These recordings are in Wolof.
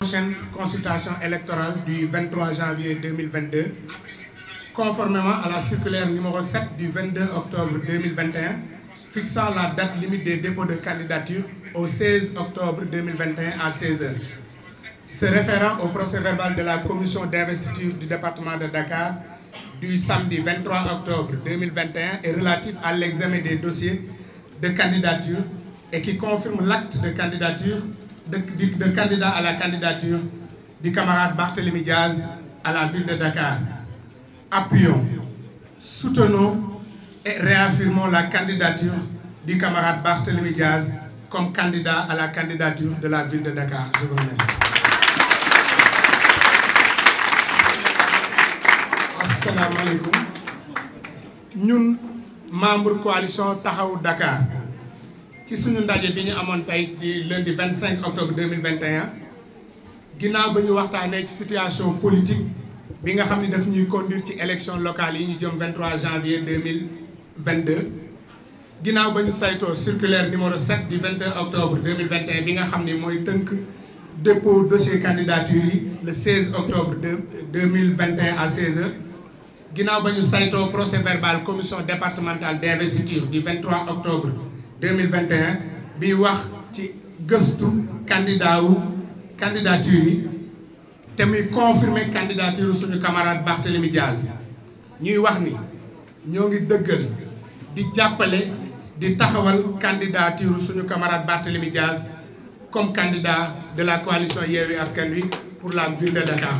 prochaine consultation électorale du 23 janvier 2022, conformément à la circulaire numéro 7 du 22 octobre 2021, fixant la date limite des dépôts de candidature au 16 octobre 2021 à 16h. Se référant au procès de la commission d'investiture du département de Dakar du samedi 23 octobre 2021 et relatif à l'examen des dossiers de candidature et qui de candidature de, de, candidat à la candidature du camarade Barthélémy Diaz à la ville de Dakar. Appuyons, soutenons et la candidature du camarade Barthélémy Diaz comme candidat à la candidature de la ville de Dakar. Je vous remercie. Assalamu coalition Tahaou Dakar, ci suñu ndaje bi ñu amoon tey ci lundi cinq octobre 2021 ginnaaw ba ñu waxtaanee ci situation politique bi nga xam ne daf ñuy conduire ci élection locale yi ñu jëm 23 janvier 2022 ginnaaw ba ñu saytoo circulaire numéro 7 du 22 octobre 2021 bi nga xam ni mooy tënk dépôt dossier candidature yi le 16 octobre 2021 à 16h ginnaaw ba ñu saytoo procès verbal commission départementale d' investiture du 23 octobre 2021 bi wax ci gëstu candidat wu te muy confirmer candidature suñu camarade Barthélémy Diaz ñuy wax ni ñoo ngi dëggal di jàppale di taxawal candidature suñu camarade Barthélémy Diaz comme candidat de la coalition Yewwi Askan Wi pour la ville de Dakar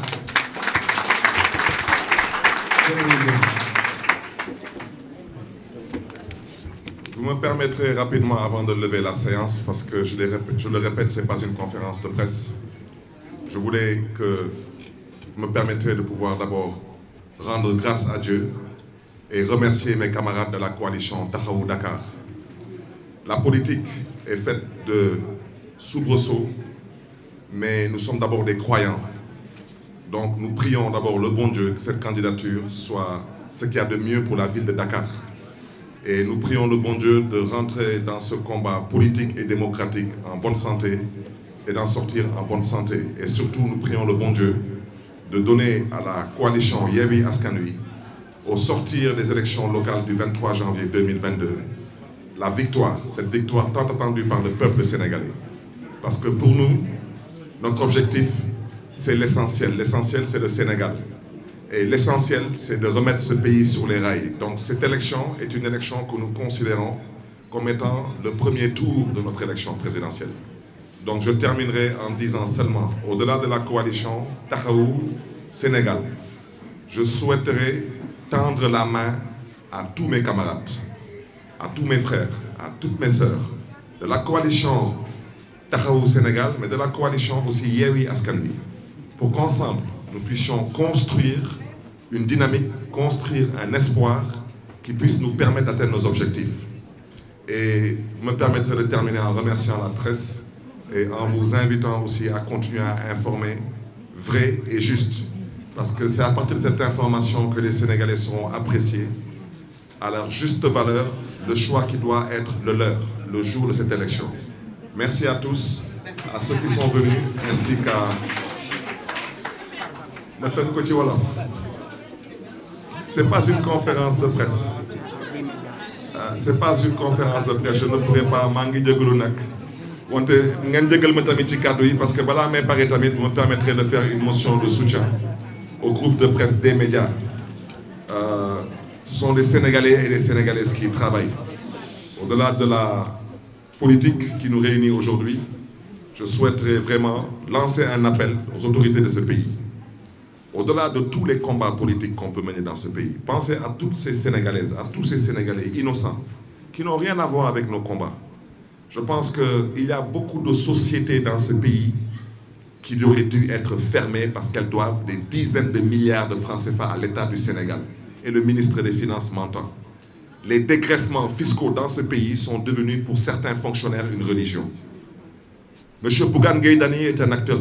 Vous me permettrez rapidement, avant de lever la séance, parce que je, répète, je le répète, ce n'est pas une conférence de presse. Je voulais que vous me permettrez de pouvoir d'abord rendre grâce à Dieu et remercier mes camarades de la coalition Tahaou Dakar. La politique est faite de soubresauts, mais nous sommes d'abord des croyants. Donc nous prions d'abord le bon Dieu que cette candidature soit ce qu'il y a de mieux pour la ville de Dakar. Et nous prions le bon Dieu de rentrer dans santé et d'en sortir en bonne santé. Et surtout, nous prions le bon Dieu de donner à la coalition Yewi Askanui, au sortir des élections locales du 23 janvier 2022, la victoire, cette victoire tant Parce que pour nous, notre objectif, c'est l'essentiel. L'essentiel, c'est le Sénégal. Et l'essentiel, c'est de remettre ce pays sur les rails. Donc cette élection est une élection que nous considérons comme étant le premier tour de notre élection présidentielle. Donc je terminerai en disant seulement, au-delà de la coalition Tahaou Sénégal, je souhaiterais tendre la main à tous mes camarades, à tous mes frères, à toutes mes sœurs, de la coalition Tahaou Sénégal, mais de la coalition aussi Yewi Askanbi, pour qu'ensemble, nous puissions construire une dynamique, construire un espoir qui puisse nous permettre d'atteindre nos objectifs. Et vous me permettrez de terminer en remerciant la presse et en vous invitant aussi à continuer à informer vrai et juste. Parce que c'est à partir de cette information que les Sénégalais seront appréciés à leur juste valeur le choix qui doit être le leur le jour de cette élection. Merci à tous, à ceux qui sont venus, ainsi qu'à ma tënk ko ci wolof c'est pas une conférence de presse ah, c'est pas une conférence de presse je ne pourrai pas maa ngi jégalu nag wante ngeen jégal ma tamit ci kàddu yi parce que balaa may pare tamit vous me permettrez de faire une motion de soutien au groupe de presse des médias euh, ce sont des Sénégalais et des Sénégalaises qui travaillent au-delà de la politique qui nous réunit aujourd'hui je souhaiterais vraiment lancer un appel aux autorités de ce pays Au-delà de tous les combats politiques qu'on peut mener dans ce pays, pensez à toutes ces Sénégalaises, à tous ces Sénégalais innocents qui n'ont rien à voir avec nos combats. Je pense qu'il y a beaucoup de sociétés dans ce pays qui auraient dû être fermées parce qu'elles doivent des dizaines de milliards de francs CFA à l'État du Sénégal. Et le ministre des Finances m'entend. Les dégrèvements fiscaux dans ce pays sont devenus pour certains fonctionnaires une religion. M. Bougan Gaydani est un acteur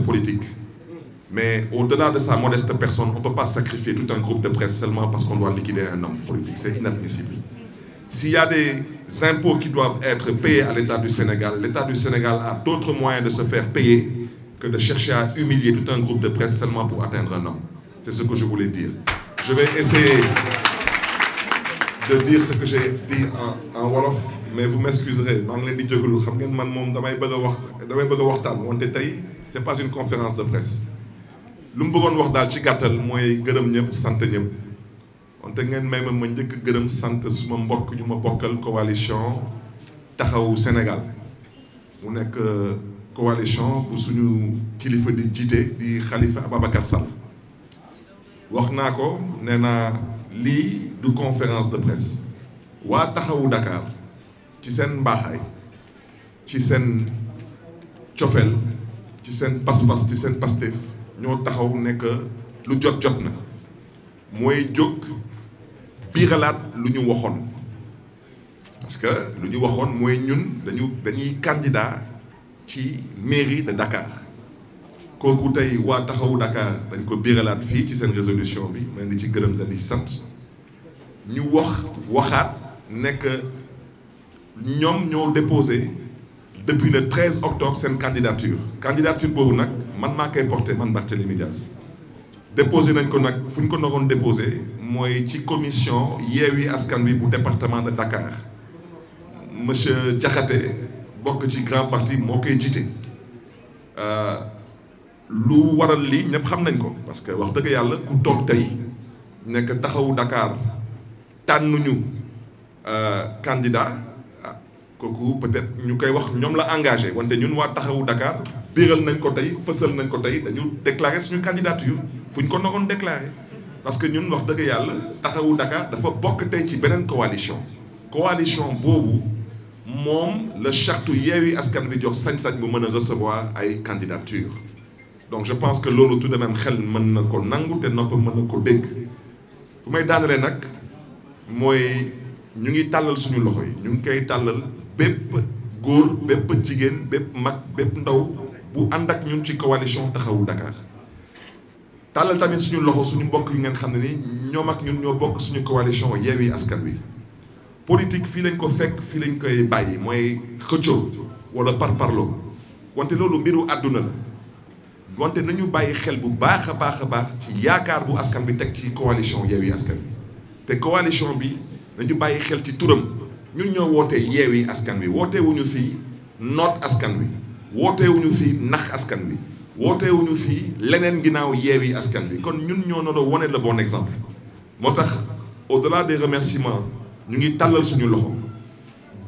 Mais au-delà de sa modeste personne, on ne peut pas sacrifier tout un groupe de presse seulement parce qu'on doit liquider un homme politique. C'est inadmissible. S'il y des impôts qui doivent être payés à l'État du Sénégal, l'État du Sénégal a d'autres moyens de se faire payer que de chercher à humilier tout un groupe de presse seulement pour atteindre un homme. C'est ce que je voulais dire. Je vais essayer de dire ce que j'ai dit en, en Wolof. mais vous ngi leen di jégalu xam ngeen man moom damay bëgg wax damay bëgg a waxtaan wante tey c'est pas une conférence lu mu bëggoon wax daal ci gàttal mooy gërëm ñëpp sant ñëpp wante ngeen may ma ma njëkk gërëm sant suma mbokk ñu ma bokkal coalition taxawu Sénégal mu nekk euh, coalition bu suñu kilifa di jiite di Khalifa Ababacar Sall wax naa ko nee naa lii du conférence de presse waa taxawu Dakar ci seen mbaaxaay ci seen cofeel ci seen pas-pas ci seen Pastef ñoo taxaw nekk lu jot jot na mooy jóg biiralaat lu ñu waxoon parce que lu ñu waxoon mooy ñun dañu dañuy candidat ci mairie de Dakar kooku tey waa taxawu Dakar dañ ko biiralaat fii ci seen résolution bi ma di ci gërëm dañ di sant ñu wax waxaat nekk ñoom ñoo déposé depuis le 13 octobre seen candidature candidature boobu nag man maa koy porté man Barthélémy Dias déposé nañ ko nag fu ñu ko naroon déposé mooy ci commission Yewwi Askan Wi bu département de Dakar monsieur Diakhaté bokk ci grand parti moo koy jiite euh, lu waral lii ñëpp xam nañ ko parce que wax dëgg yàlla ku toog tey nekk taxawu Dakar tànnuñu euh, candidat kooku peut-être ñu koy wax ñoom la engagé wante ñun waa taxawu Dakar biiral nañ ko tey fësal nañ ko tey dañu déclaré suñu candidature fu ñu ko naroon déclaré. parce que ñun wax dëgg yàlla taxawu Dakar dafa bokk tey ci beneen coalition. coalition boobu moom la charte Yewwi Askan bi jox sañ-sañ bu mën a recevoir ay candidature donc je pense que loolu tout de même xel mën na ko nangu te nopp mën na ko dégg fu may daanalee nag mooy ñu ngi tàllal suñu loxo yi bépp góor bépp jigéen bépp mag bépp ndaw bu ànd ak ñun ci coalition taxawu Dakar tàllal tamit suñu loxo suñu mbokk yi ngeen xam ne ni ñoom ak ñun ñoo bokk suñu coalition Yewwi Askan Wi politique fii lañ ko fekk fii lañ koy bàyyi mooy xëccoo wala parloo wante loolu mbiru àdduna la wante nañu bàyyi xel bu baax a baax a baax ci yaakaar bu askan bi teg ci coalition Yewwi Askan Wi te coalition bi nañu bàyyi xel ci turam ñun ñoo wootee yeewi askan wi wooteewuñu fi noot askan wi wooteewuñu fi nax askan wi wooteewuñu fii leneen ginnaaw yeewi askan wi kon ñun ñoo noro wane le bon exemple moo tax au-delà des remerciements ñu ngi tàllal suñu loxo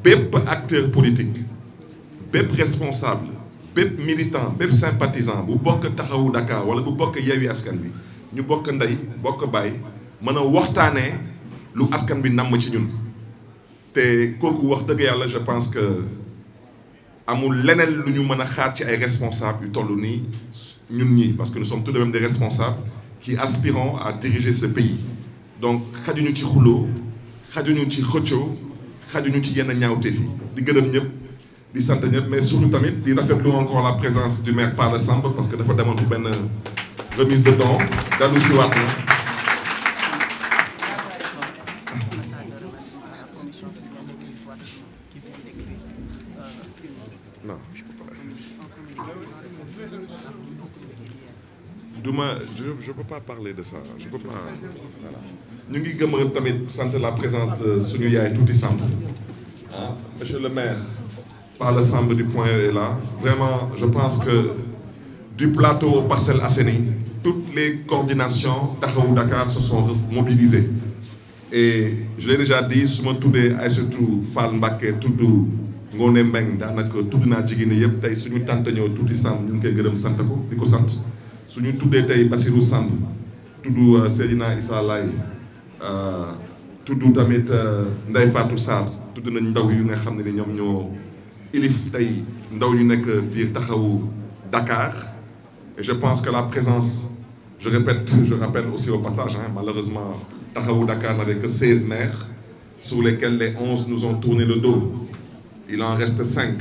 bépp acteur politique bépp responsable bépp militant bépp sympathisant bu bokk taxawu Dakar wala bu bokk yeewi askan wi ñu bokk ndey bokk baay mën a waxtaanee lu askan bi namm ci ñun te kooku wax dëgg yàlla je pense que amul leneen lu ñu mën a xaar ci ay responsable yu toll nii ñun ñii parce que nous sommes tout de même des responsables qui aspirons à diriger ce pays donc xajuñu ci xuloo xajuñu ci xëccoo xajuñu ci yenn ñaawteef yi di gërëm ñëpp di sant ñëpp mais surtout tamit di rafetlu encore la présence du maire Palla Samb parce que dafa demoon bu benn remise de dons dalu si waat na je peux pas parler de ça je peux pas voilà ñu ngi gëm tamit sant la présence de suñu yaay tuuti Samb ah monsieur le maire par le Samb du Point E est là vraiment je pense que du plateau aux Parcelles Assainies toutes les coordinations Taxawu Dakar se sont mobilisées et je l'ai déjà dit su ma tuddee Aïssatou Fall Mbacké tudd Ngoné Mbengue daanaka tudd naa jigéen ñi yëpp tey suñu tante ñëw tuuti Samb ñu ngi koy gërëm sant ko di ko sant suñu tuddee tey Bassirou Samb tudd euh, Seydina Issa Laye euh, tudd tamit euh, Ndeye Fatou Sarr tudd nañ ndaw yu nga xam ne ni ñoom ñoo ilif tey ndaw yu nekk biir taxawu Dakar et je pense que la présence je répète je rappelle aussi au passage hein, malheureusement taxawu Dakar n'avait que seize maires sur lesquels les onze nous ont tourné le dos il en reste cinq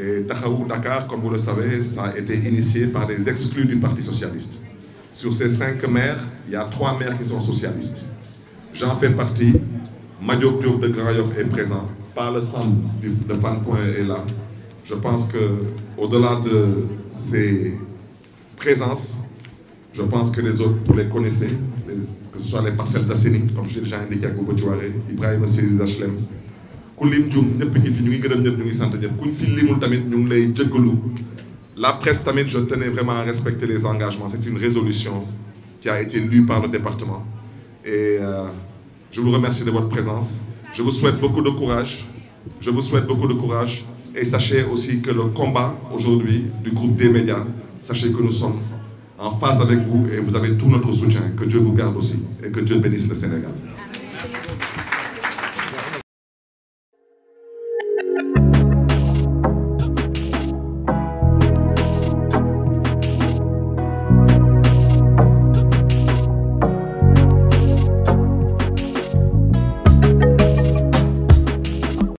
Et eh, Tahaou Dakar, comme vous le savez, ça a été initié par des exclus du Parti Socialiste. Sur ces cinq maires, il y a trois maires qui sont socialistes. J'en fais partie. Madiok Diop de Grayov est présent. Par le centre de Fanpoint est là. Je pense que au-delà de ces présences, je pense que les autres, vous les connaissez, les, que ce parcelles asséniques, comme j'ai déjà indiqué à Gobo Ibrahim Cyril HLM, ku lim jum ñëpp ngi fi ñu ngi gërëm ñëpp ñu ngi sant ñëpp kuñ fi limul tamit ñu ngi lay jéggalu la presse tamit je tenais vraiment à respecter les engagements c'est une résolution qui a été lue par le département et euh, je vous remercie de votre présence je vous souhaite beaucoup de courage et sachez aussi que le combat aujourd'hui du groupe des médias sachez que nous sommes en face avec vous et vous avez tout notre soutien que Dieu vous garde